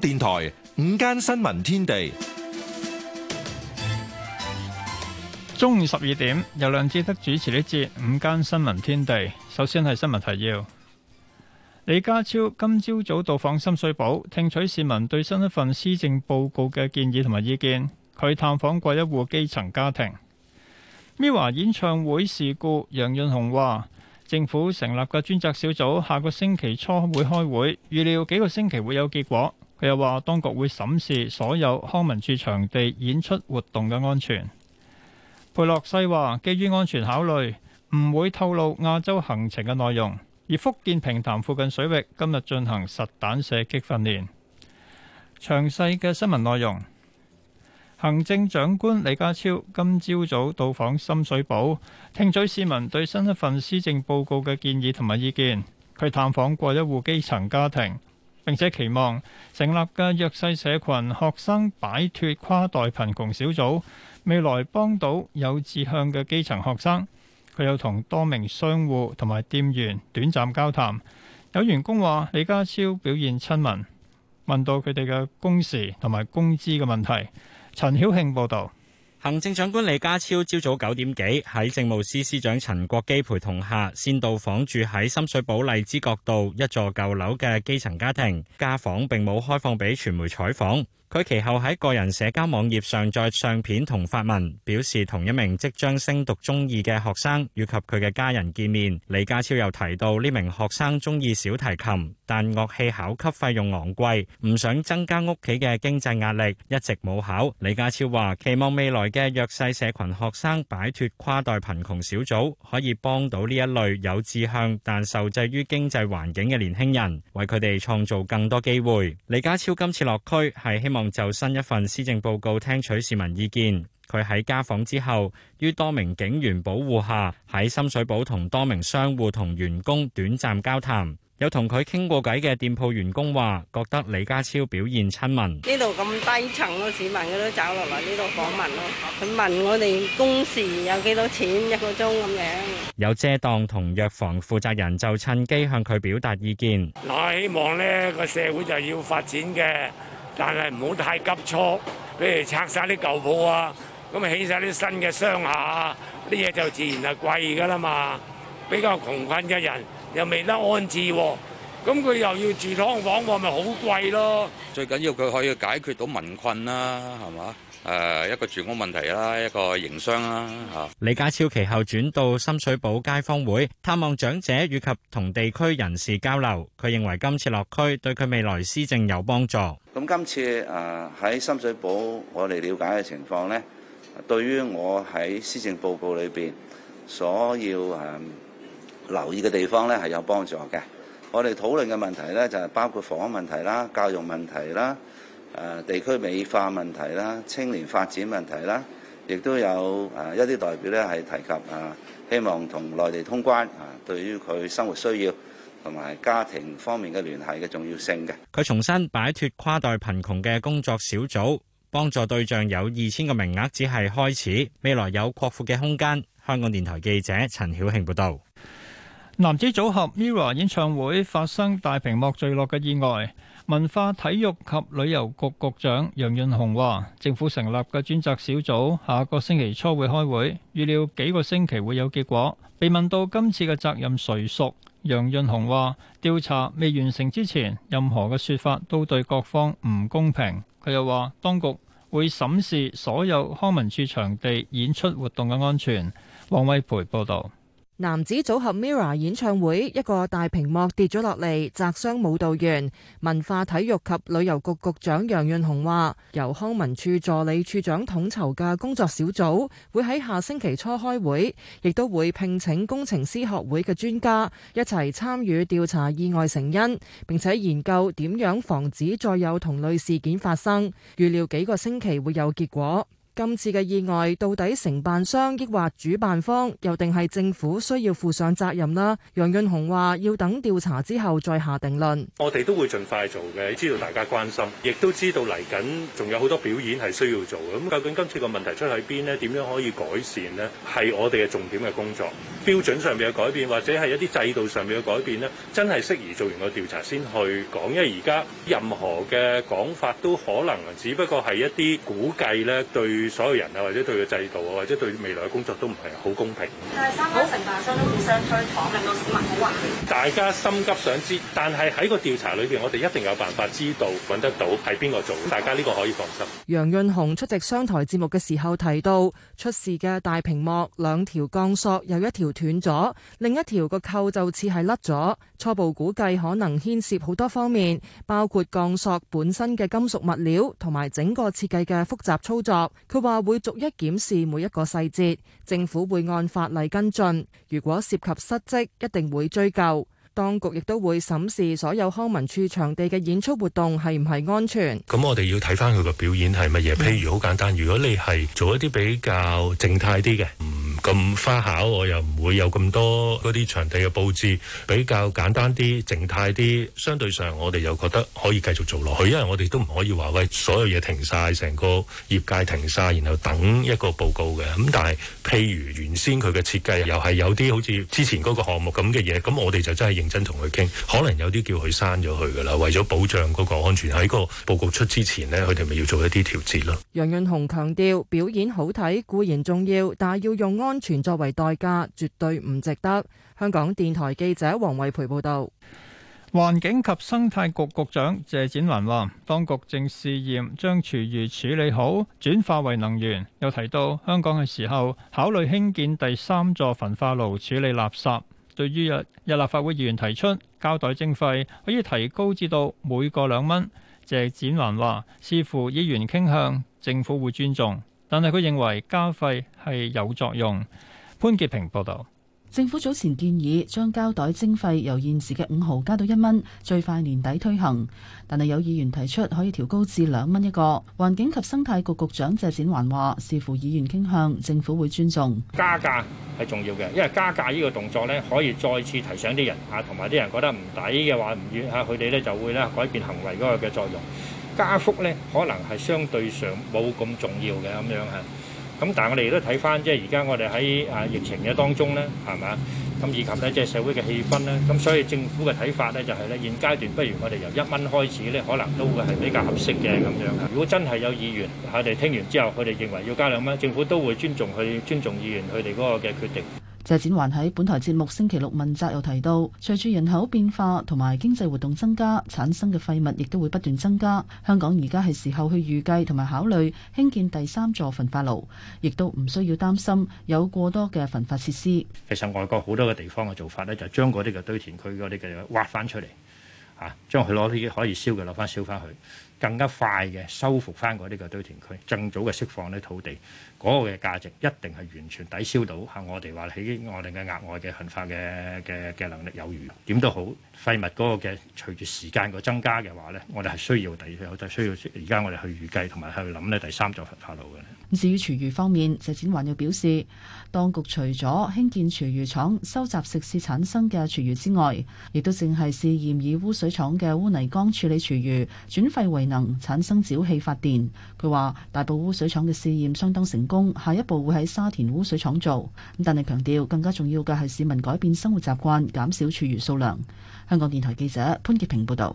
電台午間新聞天地中午十二點，由梁志德主持呢節午間新聞天地。首先係新聞提要：李家超今朝早，早到訪深水埗，聽取市民對新一份施政報告嘅建議同埋意見。佢探訪過一戶基層家庭。MIRROR 演唱會事故楊潤，楊潤雄話政府成立嘅專責小組下個星期初會開會，預料幾個星期會有結果。又話當局會審視所有康文署場地演出活動嘅安全。佩洛西話：基於安全考慮，唔會透露亞洲行程嘅內容。而福建平潭附近水域今日進行實彈射擊訓練。詳細嘅新聞內容，行政長官李家超今朝早到訪深水埗，聽取市民對新一份施政報告嘅建議同埋意見。佢探訪過一戶基層家庭。並且期望成立嘅弱勢社群學生擺脫跨代貧窮小組，未來幫到有志向嘅基層學生。佢又同多名商戶同埋店員短暫交談，有員工話李家超表現親民，問到佢哋嘅工時同埋工資嘅問題。陳曉慶報導。行政長官李家超朝早九點幾喺政務司司長陳國基陪同下，先到訪住喺深水埗荔枝角道一座舊樓嘅基層家庭，家訪並冇開放俾傳媒採訪。佢其後喺個人社交網頁上載相片同發文，表示同一名即將升讀中二嘅學生以及佢嘅家人見面。李家超又提到呢名學生中意小提琴，但樂器考級費用昂貴，唔想增加屋企嘅經濟壓力，一直冇考。李家超話：期望未來嘅弱勢社群學生擺脱跨代貧窮小組，可以幫到呢一類有志向但受制於經濟環境嘅年輕人，為佢哋創造更多機會。李家超今次落區係希望。就新一份施政報告聽取市民意見。佢喺家訪之後，於多名警員保護下，喺深水埗同多名商戶同員工短暫交談。有同佢傾過偈嘅店鋪員工話，覺得李家超表現親民。呢度咁低層嘅市民，佢都走落嚟呢度訪問咯。佢問我哋工時有幾多錢一個鐘咁樣。有遮檔同藥房負責人就趁機向佢表達意見。嗱，希望呢個社會就要發展嘅。但係唔好太急促，譬如拆晒啲舊鋪啊，咁啊起晒啲新嘅商廈啊，啲嘢就自然係貴㗎啦嘛。比較窮困嘅人又未得安置喎、哦，咁、嗯、佢又要住劏房我咪好貴咯。最緊要佢可以解決到民困啦，係嘛？誒一個住屋問題啦，一個營商啦嚇。李家超其後轉到深水埗街坊會探望長者以及同地區人士交流，佢認為今次落區對佢未來施政有幫助。咁今次誒喺深水埗，我哋了解嘅情況呢，對於我喺施政報告裏邊所要誒留意嘅地方呢，係有幫助嘅。我哋討論嘅問題呢，就係包括房屋問題啦、教育問題啦。誒地區美化問題啦，青年發展問題啦，亦都有誒一啲代表咧，係提及誒、啊、希望同內地通關啊，對於佢生活需要同埋家庭方面嘅聯繫嘅重要性嘅。佢重申擺脱跨代貧窮嘅工作小組幫助對象有二千個名額，只係開始，未來有擴闊嘅空間。香港電台記者陳曉慶報道。男子組合 Mirror 演唱會發生大屏幕墜落嘅意外，文化體育及旅遊局局長楊潤雄話：政府成立嘅專責小組下個星期初會開會，預料幾個星期會有結果。被問到今次嘅責任誰屬，楊潤雄話：調查未完成之前，任何嘅説法都對各方唔公平。佢又話：當局會審視所有康文署場地演出活動嘅安全。王偉培報導。男子組合 MIRROR 演唱會一個大屏幕跌咗落嚟，砸傷舞蹈員。文化體育及旅遊局局長楊潤雄話，由康文署助理署長統籌嘅工作小組會喺下星期初開會，亦都會聘請工程師學會嘅專家一齊參與調查意外成因，並且研究點樣防止再有同類事件發生。預料幾個星期會有結果。今次嘅意外到底承辦商抑或主辦方又定係政府需要負上責任啦？楊潤雄話要等調查之後再下定論。我哋都會盡快做嘅，知道大家關心，亦都知道嚟緊仲有好多表演係需要做。咁究竟今次個問題出喺邊咧？點樣可以改善咧？係我哋嘅重點嘅工作標準上面嘅改變，或者係一啲制度上面嘅改變咧，真係適宜做完個調查先去講。因為而家任何嘅講法都可能只不過係一啲估計咧，對，對所有人啊，或者對個制度啊，或者對未來嘅工作都唔係好公平。但係三好成大商都互相推搡，令到市民好混亂。大家心急想知，但係喺個調查裏邊，我哋一定有辦法知道揾得到係邊個做。大家呢個可以放心。楊潤雄出席商台節目嘅時候提到，出事嘅大屏幕兩條鋼索有一條斷咗，另一條個扣就似係甩咗。初步估計可能牽涉好多方面，包括鋼索本身嘅金屬物料同埋整個設計嘅複雜操作。佢話會逐一檢視每一個細節，政府會按法例跟進，如果涉及失職，一定會追究。當局亦都會審視所有康文處場地嘅演出活動係唔係安全。咁我哋要睇翻佢個表演係乜嘢，譬如好簡單，如果你係做一啲比較靜態啲嘅，唔咁花巧，我又唔會有咁多嗰啲場地嘅佈置，比較簡單啲、靜態啲，相對上我哋又覺得可以繼續做落去，因為我哋都唔可以話，喂，所有嘢停晒，成個業界停晒，然後等一個報告嘅。咁但係，譬如原先佢嘅設計又係有啲好似之前嗰個項目咁嘅嘢，咁我哋就真係認真同佢傾，可能有啲叫佢刪咗佢噶啦。為咗保障嗰個安全，喺個報告出之前呢，佢哋咪要做一啲調節咯。楊潤雄強調，表演好睇固然重要，但係要用安全作為代價，絕對唔值得。香港電台記者黃惠培報道。環境及生態局局局長謝展寰話，當局正試驗將廚餘處理好，轉化為能源。又提到，香港嘅時候考慮興建第三座焚化爐處理垃圾。對於日日立法會議員提出膠袋徵費可以提高至到每個兩蚊，謝展寰話視乎議員傾向，政府會尊重，但係佢認為加費係有作用。潘潔平報導。政府早前建議將膠袋徵費由現時嘅五毫加到一蚊，最快年底推行。但係有議員提出可以調高至兩蚊一個。環境及生態局局長謝展寰話：視乎議員傾向，政府會尊重。加價係重要嘅，因為加價呢個動作咧可以再次提醒啲人啊，同埋啲人覺得唔抵嘅話唔願啊，佢哋咧就會咧改變行為嗰個嘅作用。加幅咧可能係相對上冇咁重要嘅咁樣係。咁但係我哋都睇翻，即係而家我哋喺啊疫情嘅當中咧，係嘛？咁以及咧即係社會嘅氣氛咧，咁所以政府嘅睇法咧就係咧，現階段不如我哋由一蚊開始咧，可能都會係比較合適嘅咁樣。如果真係有議員，我哋聽完之後，佢哋認為要加兩蚊，政府都會尊重佢，尊重議員佢哋嗰個嘅決定。謝展環喺本台節目《星期六問責》又提到，隨住人口變化同埋經濟活動增加，產生嘅廢物亦都會不斷增加。香港而家係時候去預計同埋考慮興建第三座焚化爐，亦都唔需要擔心有過多嘅焚化設施。其實外國好多嘅地方嘅做法呢，就將嗰啲嘅堆填區嗰啲嘅挖翻出嚟。啊、將佢攞啲可以燒嘅攞翻燒翻去，更加快嘅修復翻嗰啲嘅堆填區，更早嘅釋放呢土地，嗰、嗰個嘅價值一定係完全抵消到嚇。我哋話起我哋嘅額外嘅焚化嘅嘅嘅能力有餘，點都好，廢物嗰個嘅隨住時間個增加嘅話咧，我哋係需要第，我哋需要而家我哋去預計同埋去諗咧第三座焚化爐嘅咧。至於廚餘方面，謝展寰有表示，當局除咗興建廚餘廠收集食肆產生嘅廚餘之外，亦都淨係試驗以污水廠嘅污泥缸處理廚餘，轉廢為能，產生沼氣發電。佢話大埔污水廠嘅試驗相當成功，下一步會喺沙田污水廠做。咁但係強調，更加重要嘅係市民改變生活習慣，減少廚餘數量。香港電台記者潘潔平報道。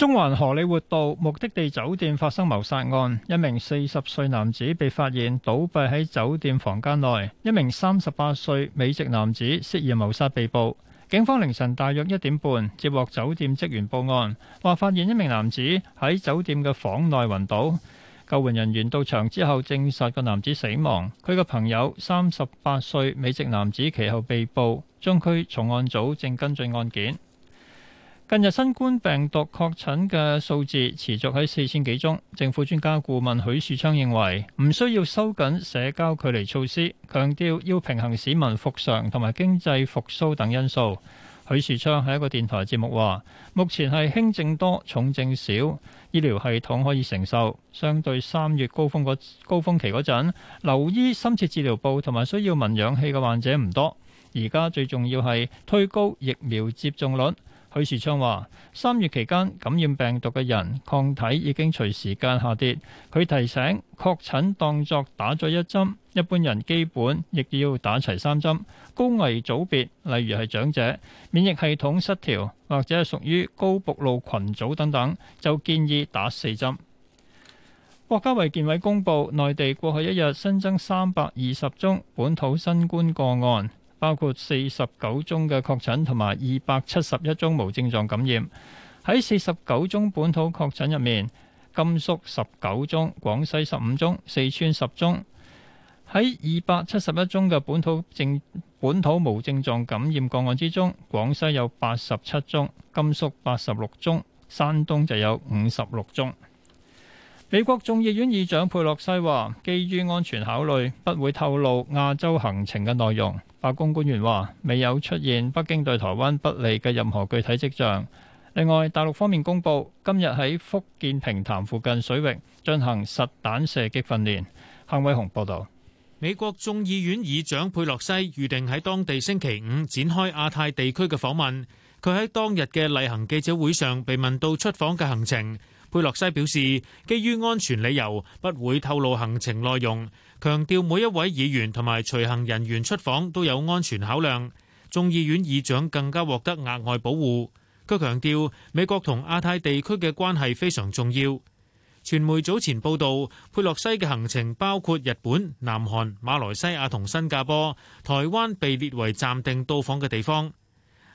中環荷李活道目的地酒店發生謀殺案，一名四十歲男子被發現倒斃喺酒店房間內，一名三十八歲美籍男子涉嫌謀殺被捕。警方凌晨大約一點半接獲酒店職員報案，話發現一名男子喺酒店嘅房內暈倒。救援人員到場之後證實個男子死亡。佢嘅朋友三十八歲美籍男子其後被捕，中區重案組正跟進案件。近日新冠病毒確診嘅數字持續喺四千幾宗。政府專家顧問許樹昌認為唔需要收緊社交距離措施，強調要平衡市民復常同埋經濟復甦等因素。許樹昌喺一個電台節目話，目前係輕症多、重症少，醫療系統可以承受。相對三月高峰嗰高峰期嗰陣，留醫深切治療部同埋需要聞氧氣嘅患者唔多。而家最重要係推高疫苗接種率。許樹昌話：三月期間感染病毒嘅人抗體已經隨時間下跌。佢提醒，確診當作打咗一針，一般人基本亦要打齊三針。高危組別，例如係長者、免疫系統失調或者係屬於高暴露群組等等，就建議打四針。國家衛健委公佈，內地過去一日新增三百二十宗本土新冠個案。包括四十九宗嘅確診同埋二百七十一宗無症狀感染。喺四十九宗本土確診入面，甘肅十九宗，廣西十五宗，四川十宗。喺二百七十一宗嘅本土症本土無症狀感染個案之中，廣西有八十七宗，甘肅八十六宗，山東就有五十六宗。美國眾議院議長佩洛西話，基於安全考慮，不會透露亞洲行程嘅內容。白宮官員話，未有出現北京對台灣不利嘅任何具體跡象。另外，大陸方面公佈，今日喺福建平潭附近水域進行實彈射擊訓練。幸偉雄報導。美國眾議院議長佩洛西預定喺當地星期五展開亞太地區嘅訪問。佢喺當日嘅例行記者會上被問到出訪嘅行程。佩洛西表示，基於安全理由，不會透露行程內容，強調每一位議員同埋隨行人員出訪都有安全考量。眾議院議長更加獲得額外保護，佢強調美國同亞太地區嘅關係非常重要。傳媒早前報道，佩洛西嘅行程包括日本、南韓、馬來西亞同新加坡，台灣被列為暫定到訪嘅地方。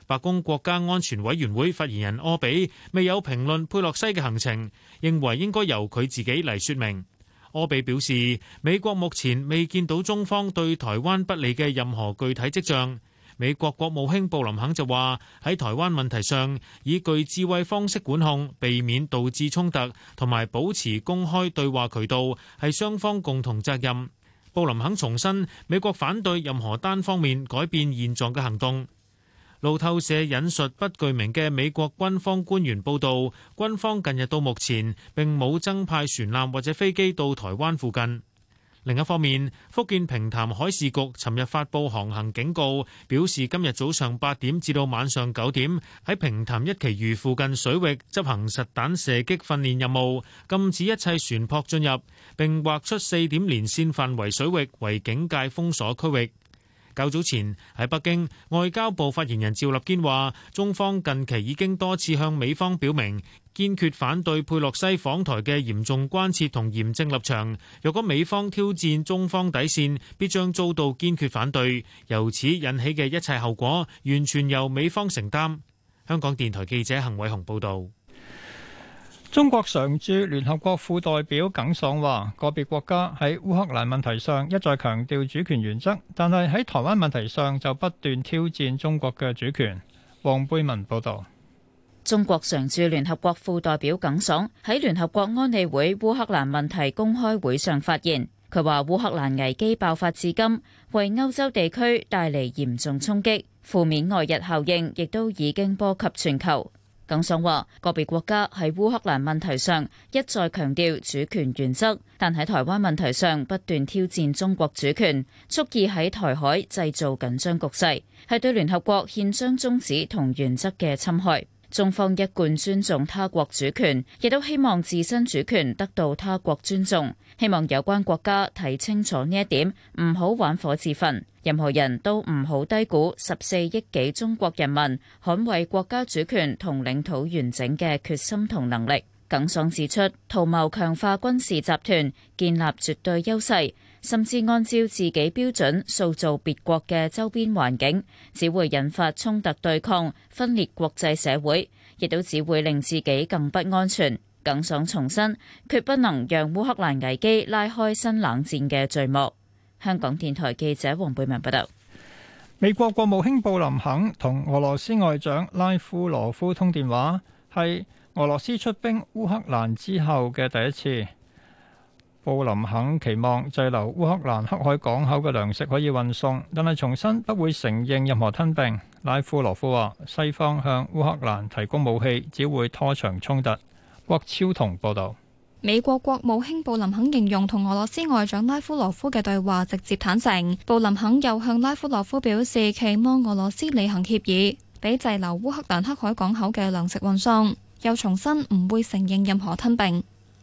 白宮國家安全委員會發言人柯比未有評論佩洛西嘅行程，認為應該由佢自己嚟說明。柯比表示，美國目前未見到中方對台灣不利嘅任何具體跡象。美國國務卿布林肯就話，喺台灣問題上，以具智慧方式管控，避免導致衝突，同埋保持公開對話渠道，係雙方共同責任。布林肯重申，美國反對任何單方面改變現狀嘅行動。路透社引述不具名嘅美國軍方官員報道，軍方近日到目前並冇增派船艦或者飛機到台灣附近。另一方面，福建平潭海事局尋日發布航行警告，表示今日早上八點至到晚上九點喺平潭一旗魚附近水域執行實彈射擊訓練任務，禁止一切船舶進入，並劃出四點連線範圍水域為警戒封鎖區域。較早前喺北京，外交部發言人趙立堅話：中方近期已經多次向美方表明堅決反對佩洛西訪台嘅嚴重關切同嚴正立場。若果美方挑戰中方底線，必將遭到堅決反對。由此引起嘅一切後果，完全由美方承擔。香港電台記者幸偉雄報道。中國常駐聯合國副代表耿爽話：個別國家喺烏克蘭問題上一再強調主權原則，但係喺台灣問題上就不斷挑戰中國嘅主權。黃貝文報道，中國常駐聯合國副代表耿爽喺聯合國安理會烏克蘭問題公開會上發言，佢話烏克蘭危機爆發至今，為歐洲地區帶嚟嚴重衝擊，負面外溢效應亦都已經波及全球。耿爽話，個別國家喺烏克蘭問題上一再強調主權原則，但喺台灣問題上不斷挑戰中國主權，蓄意喺台海製造緊張局勢，係對聯合國憲章宗旨同原則嘅侵害。中方一貫尊重他國主權，亦都希望自身主權得到他國尊重。希望有關國家睇清楚呢一點，唔好玩火自焚。任何人都唔好低估十四億幾中國人民捍衛國家主權同領土完整嘅決心同能力。耿爽指出，圖謀強化軍事集團，建立絕對優勢。甚至按照自己標準塑造別國嘅周邊環境，只會引發衝突對抗、分裂國際社會，亦都只會令自己更不安全、更想重申，決不能讓烏克蘭危機拉開新冷戰嘅序幕。香港電台記者黃貝文報道，美國國務卿布林肯同俄羅斯外長拉夫羅夫通電話，係俄羅斯出兵烏克蘭之後嘅第一次。布林肯期望滯留烏克蘭黑海港口嘅糧食可以運送，但係重申不會承認任何吞併。拉夫羅夫話西方向烏克蘭提供武器，只會拖長衝突。郭超同報道。美國國務卿布林肯形容同俄羅斯外長拉夫羅夫嘅對話直接坦誠。布林肯又向拉夫羅夫表示，期望俄羅斯履行協議，俾滯留烏克蘭黑海港口嘅糧食運送，又重申唔會承認任何吞併。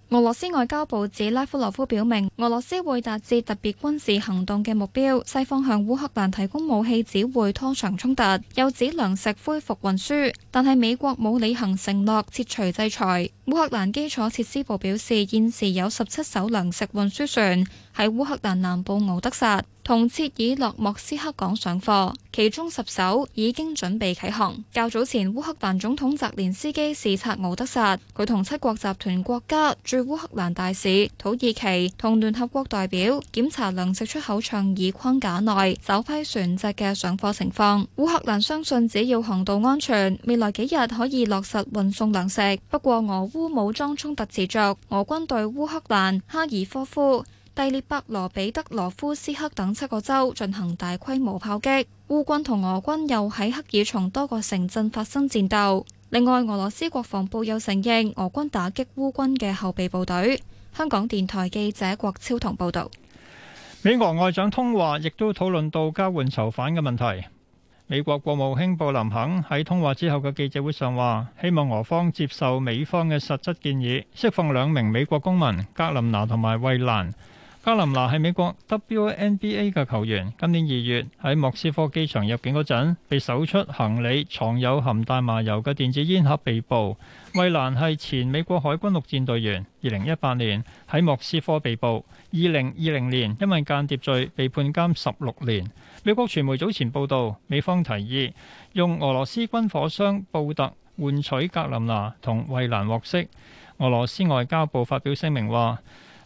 俄羅斯外交部指拉夫羅夫表明，俄羅斯會達至特別軍事行動嘅目標，西方向烏克蘭提供武器只會拖長衝突。又指糧食恢復運輸，但係美國冇履行承諾撤除制裁。烏克蘭基礎設施部表示，現時有十七艘糧食運輸船，喺烏克蘭南部敖德薩同切爾諾莫斯克港上貨，其中十艘已經準備啟航。較早前，烏克蘭總統澤連斯基視察敖德薩，佢同七國集團國家駐烏克蘭大使、土耳其同聯合國代表檢查糧食出口倡議框架內首批船隻嘅上貨情況。烏克蘭相信只要航道安全，未來幾日可以落實運送糧食。不過，俄烏武裝衝突持續，俄軍對烏克蘭哈爾科夫。第列伯羅彼得羅夫斯克等七個州進行大規模炮擊，烏軍同俄軍又喺克爾松多個城鎮發生戰鬥。另外，俄羅斯國防部又承認俄軍打擊烏軍嘅後備部隊。香港電台記者郭超棠報道。美俄外長通話亦都討論到交換囚犯嘅問題。美國國務卿布林肯喺通話之後嘅記者會上話，希望俄方接受美方嘅實質建議，釋放兩名美國公民格林拿同埋衛蘭。格林娜係美國 WNBA 嘅球員，今年二月喺莫斯科機場入境嗰陣，被搜出行李藏有含大麻油嘅電子煙盒被捕。惠蘭係前美國海軍陸戰隊員，二零一八年喺莫斯科被捕，二零二零年因為間諜罪被判監十六年。美國傳媒早前報導，美方提議用俄羅斯軍火商布特換取格林娜同惠蘭獲釋。俄羅斯外交部發表聲明話。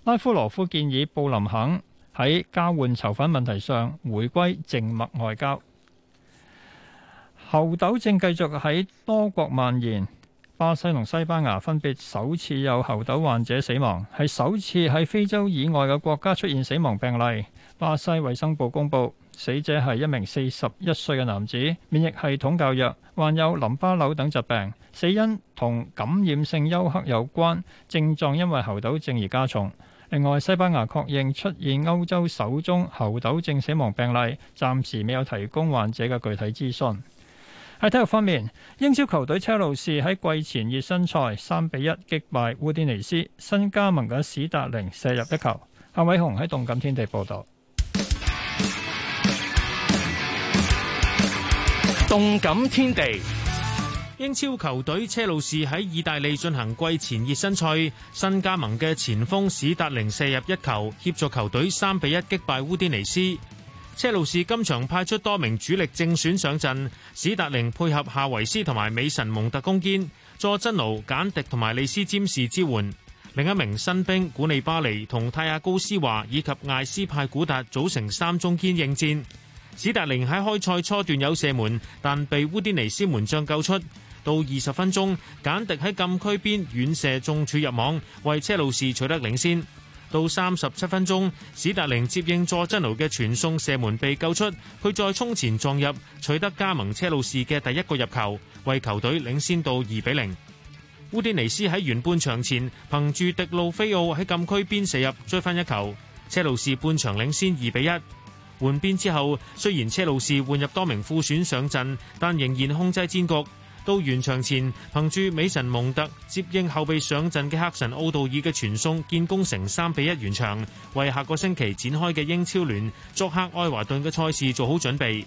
拉夫羅夫建議布林肯喺交換囚犯問題上回歸靜默外交。猴痘正繼續喺多國蔓延，巴西同西班牙分別首次有猴痘患者死亡，係首次喺非洲以外嘅國家出現死亡病例。巴西衛生部公佈，死者係一名四十一歲嘅男子，免疫系統較弱，患有淋巴瘤等疾病，死因同感染性休克有關，症狀因為猴痘症而加重。另外，西班牙確認出現歐洲首宗猴痘症死亡病例，暫時未有提供患者嘅具體資訊。喺體育方面，英超球隊車路士喺季前熱身賽三比一擊敗烏迪尼斯，新加盟嘅史達寧射入一球。夏偉雄喺動感天地報導。動感天地。報導。英超球隊車路士喺意大利進行季前熱身賽，新加盟嘅前鋒史達寧射入一球，協助球隊三比一擊敗烏丁尼斯。車路士今場派出多名主力正選上陣，史達寧配合夏維斯同埋美神蒙特攻堅，佐真奴簡迪同埋利斯占士支援。另一名新兵古利巴尼同泰亞高斯華以及艾斯派古達組成三中堅應戰。史達寧喺開賽初段有射門，但被烏丁尼斯門將救出。到二十分鐘，簡迪喺禁區邊遠射中柱入網，為車路士取得領先。到三十七分鐘，史達寧接應佐真奴嘅傳送射門被救出，佢再衝前撞入，取得加盟車路士嘅第一個入球，為球隊領先到二比零。烏甸尼斯喺完半場前憑住迪路菲奧喺禁區邊射入追翻一球，車路士半場領先二比一。換邊之後，雖然車路士換入多名副選上陣，但仍然控制戰局。到完場前，憑住美神蒙特接應後備上陣嘅黑神奧杜爾嘅傳送，建功成三比一完場，為下個星期展開嘅英超聯作客愛華頓嘅賽事做好準備。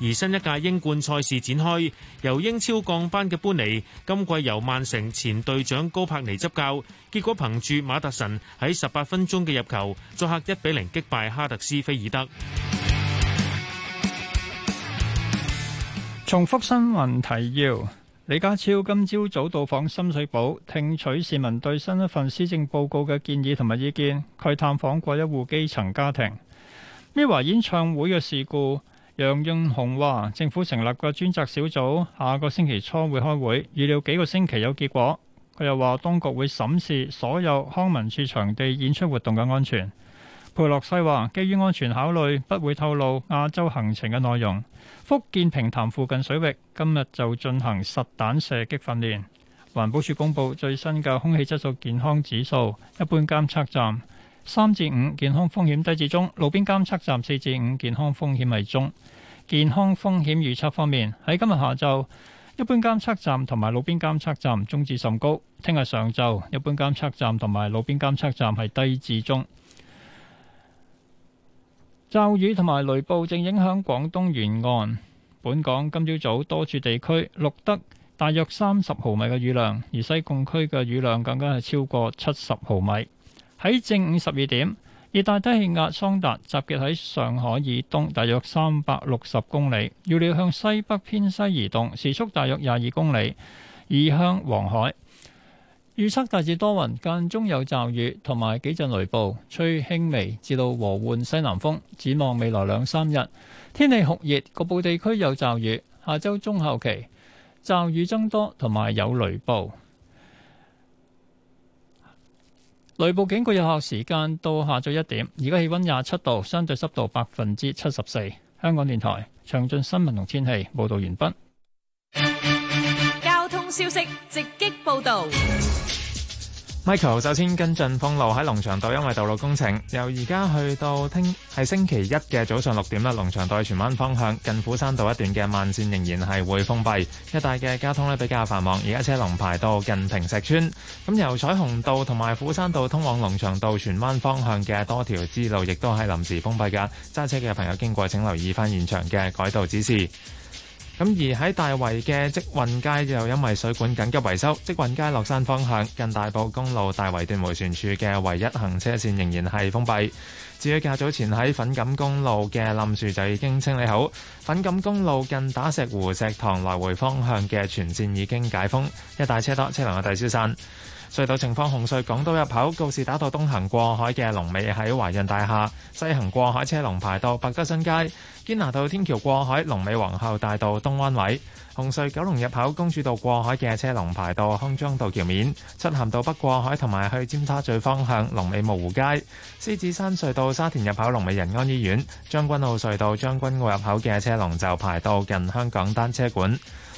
而新一屆英冠賽事展開，由英超降班嘅般尼今季由曼城前隊長高柏尼執教，結果憑住馬特臣喺十八分鐘嘅入球，作客一比零擊敗哈特斯菲爾德。重複新聞提要：李家超今朝早，早到訪深水埗，聽取市民對新一份施政報告嘅建議同埋意見。佢探訪過一戶基層家庭。MIRROR 演唱會嘅事故，楊潤雄話政府成立嘅專責小組下個星期初會開會，預料幾個星期有結果。佢又話當局會審視所有康文署場地演出活動嘅安全。佩洛西話：基於安全考慮，不會透露亞洲行程嘅內容。福建平潭附近水域今日就進行實彈射擊訓練。環保署公布最新嘅空氣質素健康指數，一般監測站三至五健康風險低至中，路邊監測站四至五健康風險為中。健康風險預測方面，喺今日下晝，一般監測站同埋路邊監測站中至甚高；聽日上晝，一般監測站同埋路邊監測站係低至中。驟雨同埋雷暴正影響廣東沿岸，本港今朝早多處地區錄得大約三十毫米嘅雨量，而西貢區嘅雨量更加係超過七十毫米。喺正午十二點，熱帶低氣壓桑達集結喺上海以東大約三百六十公里，預料向西北偏西移動，時速大約廿二公里，移向黃海。預測大致多雲，間中有驟雨同埋幾陣雷暴，吹輕微至到和緩西南風。展望未來兩三日，天氣酷熱，局部地區有驟雨。下周中後期，驟雨增多同埋有雷暴，雷暴警告有效時間到下晝一點。而家氣溫廿七度，相對濕度百分之七十四。香港電台詳盡新聞同天氣報道完畢。交通消息直擊報道。Michael 首先跟進，封路喺龍翔道，因為道路工程，由而家去到聽係星期一嘅早上六點啦。龍翔道荃灣方向近斧山道一段嘅慢線仍然係會封閉，一帶嘅交通咧比較繁忙，而家車龍排到近平石村。咁、嗯、由彩虹道同埋斧山道通往龍翔道荃灣方向嘅多條支路，亦都係臨時封閉嘅。揸車嘅朋友經過請留意翻現場嘅改道指示。咁而喺大圍嘅積運街又因為水管緊急維修，積運街落山方向近大埔公路大圍段回旋處嘅唯一行車線仍然係封閉。至於較早前喺粉錦公路嘅冧樹就已經清理好，粉錦公路近打石湖石塘來回方向嘅全線已經解封，一帶車多，車輛嘅大消散。隧道情況：紅隧港島入口告士打道東行過海嘅龍尾喺華潤大廈；西行過海車龍排到百德新街；堅拿道天橋過海龍尾皇后大道東彎位；紅隧九龍入口公主道過海嘅車龍排到康莊道橋面；漆咸道北過海同埋去尖沙咀方向龍尾蕪湖街；獅子山隧道沙田入口龍尾仁安醫院；將軍澳隧道將軍澳入口嘅車龍就排到近香港單車館。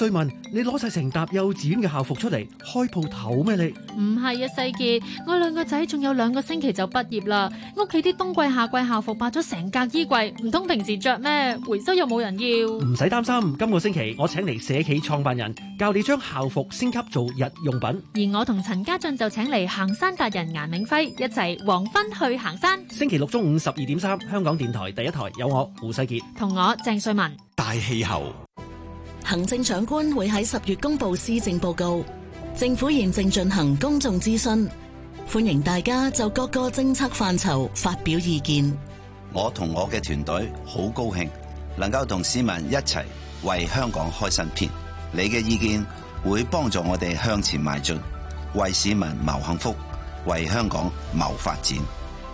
瑞文你攞晒成沓幼稚園嘅校服出嚟，開鋪頭咩？你唔係啊，世杰，我兩個仔仲有兩個星期就畢業啦。屋企啲冬季、夏季校服擺咗成格衣櫃，唔通平時着咩？回收又冇人要。唔使擔心，今個星期我請嚟社企創辦人教你將校服升級做日用品。而我同陳家俊就請嚟行山達人顏明輝一齊黃昏去行山。星期六中午十二點三，香港電台第一台有我胡世杰同我鄭瑞文大氣候。行政長官會喺十月公布施政報告，政府現正進行公眾諮詢，歡迎大家就各個政策範疇發表意見。我同我嘅團隊好高興，能夠同市民一齊為香港開新篇。你嘅意見會幫助我哋向前邁進，為市民謀幸福，為香港謀發展。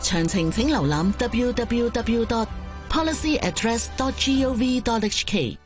詳情請瀏覽 www.policyaddress.gov.hk。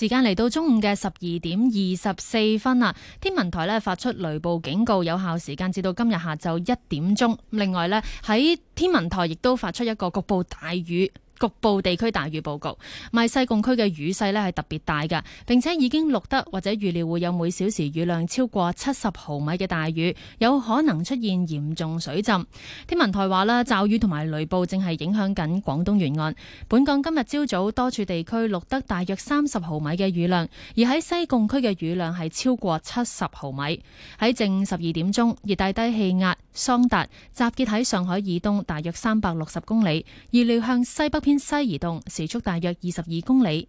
時間嚟到中午嘅十二點二十四分啦，天文台呢發出雷暴警告，有效時間至到今日下晝一點鐘。另外呢，喺天文台亦都發出一個局部大雨，局部地區大雨報告，咪西貢區嘅雨勢咧係特別大嘅，並且已經錄得或者預料會有每小時雨量超過七十毫米嘅大雨，有可能出現嚴重水浸。天文台話啦，驟雨同埋雷暴正係影響緊廣東沿岸。本港今日朝早多處地區錄得大約三十毫米嘅雨量，而喺西貢區嘅雨量係超過七十毫米。喺正午十二點鐘，熱帶低氣壓桑達集結喺上海以東大約三百六十公里，預料向西北西移動，時速大約二十二公里。